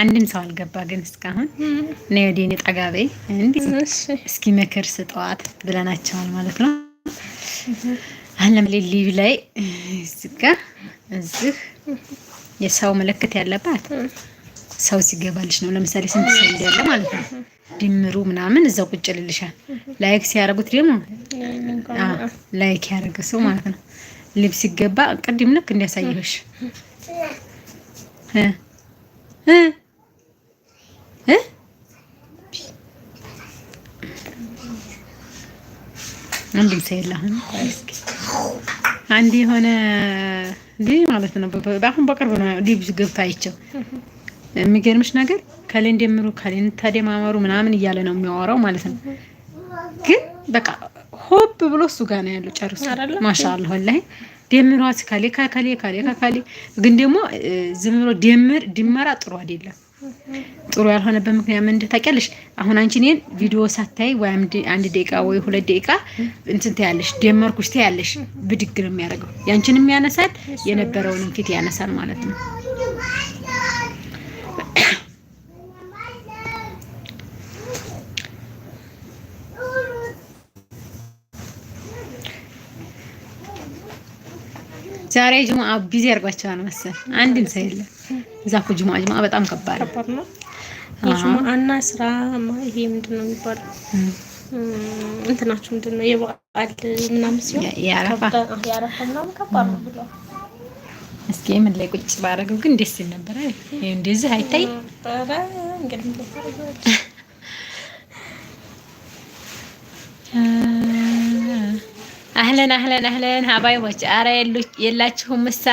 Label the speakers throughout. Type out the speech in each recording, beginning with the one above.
Speaker 1: አንድም ሰው አልገባ ግን እስካሁን እኔ ወዲኔ ጠጋቤ እንዲህ እስኪ መክር ስጠዋት ብለናቸዋል ማለት ነው። አለም ሊዩ ላይ እዚጋ እዚህ የሰው ምልክት ያለባት ሰው ሲገባልሽ ነው። ለምሳሌ ስንት ሰው እንዳለ ማለት ነው ድምሩ ምናምን እዛው ቁጭ ልልሻል። ላይክ ሲያደርጉት ደግሞ ላይክ ያደረገ ሰው ማለት ነው ልብስ ይገባ ቅድም ልክ እንዲያሳየሽ አንድም ሰው የለህም። አንድ የሆነ እንዲህ ማለት ነው። አሁን በቅርብ ነው ልብስ ገብታ አይቸው የሚገርምሽ ነገር ከሌን ደምሩ ከሌን እንታደማመሩ ምናምን እያለ ነው የሚያወራው ማለት ነው ግን በቃ ሆብ ብሎ እሱ ጋር ነው ያለው። ጨርሶ ማሻአላ ወላሂ ደምሯት ካሌ ካካሌ ካሌ ካካሌ። ግን ደግሞ ዝም ብሎ ደምር ድመራ ጥሩ አይደለም። ጥሩ ያልሆነበት ምክንያት ምን እንደታውቂያለሽ? አሁን አንቺ እኔን ቪዲዮ ሳታይ ወይ አንድ ደቂቃ ወይ ሁለት ደቂቃ እንትን ታያለሽ፣ ደመርኩሽ ታያለሽ። ብድግ ነው የሚያደርገው። ያንቺንም ያነሳል የነበረውንም ፊት ያነሳል ማለት ነው። ዛሬ ጅማ ቢዚ አድርጓቸዋል መሰል አንድም ሰው የለም። እዛ እኮ ጅማ ጅማ በጣም ከባድ ነው።
Speaker 2: ስራ ይሄ ምንድን ነው የሚባለው? እንትናችሁ ምንድን ነው የበዓል ምናምን ሲሆን ያረፋ ምናምን ከባድ ነው ብለው
Speaker 1: እስኪ ምን ላይ ቁጭ ባደረገው ግን ደስ ይል ነበር። ይሄ እንደዚህ አይታይ እንግዲህ አህለን አህለን አህለን ሀባይቦች፣ አረ የላችሁም ምሳ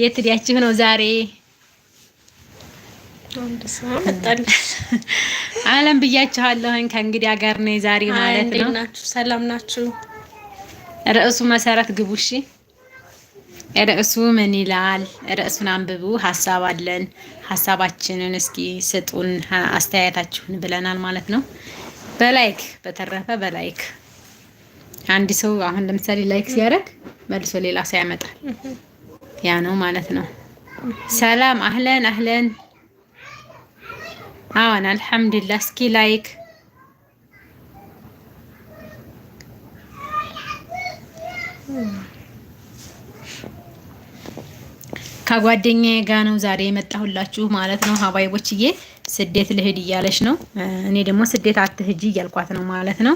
Speaker 1: የት ሄዳችሁ ነው ዛሬ? አለም ብያችኋለሁኝ። ከእንግዲህ ሀገር ነው ዛሬ ማለት
Speaker 2: ነው። ሰላም ናችሁ?
Speaker 1: ርዕሱ መሰረት ግቡ። እሺ፣ ርዕሱ ምን ይላል? ርዕሱን አንብቡ። ሀሳብ አለን። ሀሳባችንን እስኪ ስጡን፣ አስተያየታችሁን ብለናል ማለት ነው። በላይክ በተረፈ በላይክ አንድ ሰው አሁን ለምሳሌ ላይክ ሲያደርግ መልሶ ሌላ ሰው ያመጣል። ያ ነው ማለት ነው። ሰላም አህለን አህለን። አዎን አልሐምዱሊላህ። እስኪ ላይክ ከጓደኛዬ ጋር ነው ዛሬ የመጣሁላችሁ ማለት ነው። ሀባይቦችዬ ስደት ልሂድ እያለች ነው። እኔ ደግሞ ስደት አትሂጂ እያልኳት ነው ማለት ነው።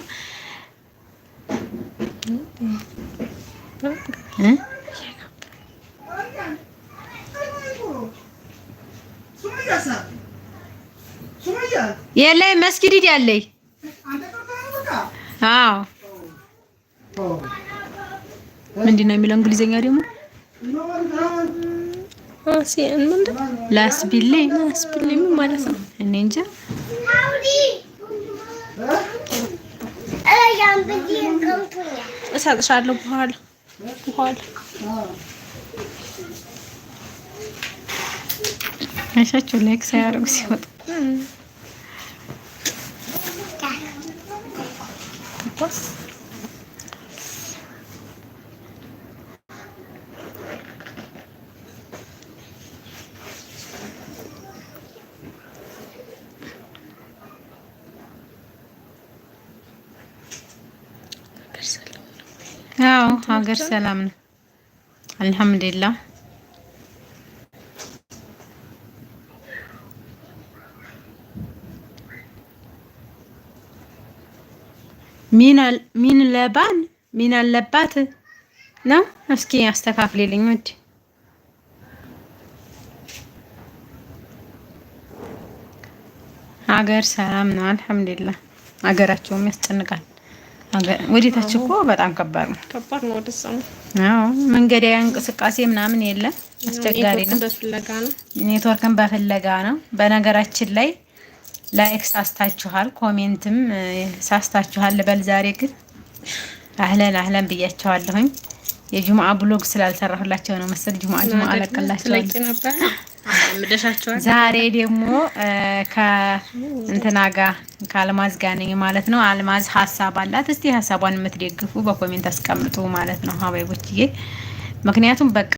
Speaker 1: የለይ መስጊድ ሂድ ያለይ። አዎ ምንድን ነው የሚለው እንግሊዘኛ ደግሞ? ላስቢሌ ላስቢሌ ምን ማለት ነው? እኔ እንጃ።
Speaker 2: እሰጥሻለሁ በኋላ በኋላ
Speaker 1: አይሻችሁ ላይክ ሳያደርጉ ሲወጡ አዎ ሀገር ሰላም ነው፣ አልሐምዱሊላህ። ሚን ለባን ሚን አለባት ነው። እስኪ አስተካክልልኝ ወድ ሀገር ሰላም ነው፣ አልሐምዱሊላህ። ሀገራቸውም ያስጨንቃል። ወዴታች እኮ በጣም ከባድ ነው። ከባድ ነው። አዎ መንገድ እንቅስቃሴ ምናምን የለም። አስቸጋሪ ነው። ኔትወርክን በፍለጋ ነው። በነገራችን ላይ ላይክ ሳስታችኋል፣ ኮሜንትም ሳስታችኋል ልበል። ዛሬ ግን አህለን አህለን ብያቸዋለሁኝ። የጁሙአ ብሎግ ስላልሰራሁላቸው ነው መሰል ጁሙአ ጁሙአ ለቀላቸው ዛሬ ደግሞ ከእንትና ጋር ከአልማዝ ጋር ነኝ ማለት ነው። አልማዝ ሀሳብ አላት። እስቲ ሀሳቧን የምትደግፉ በኮሜንት አስቀምጡ ማለት ነው ሀባይቦችዬ። ምክንያቱም በቃ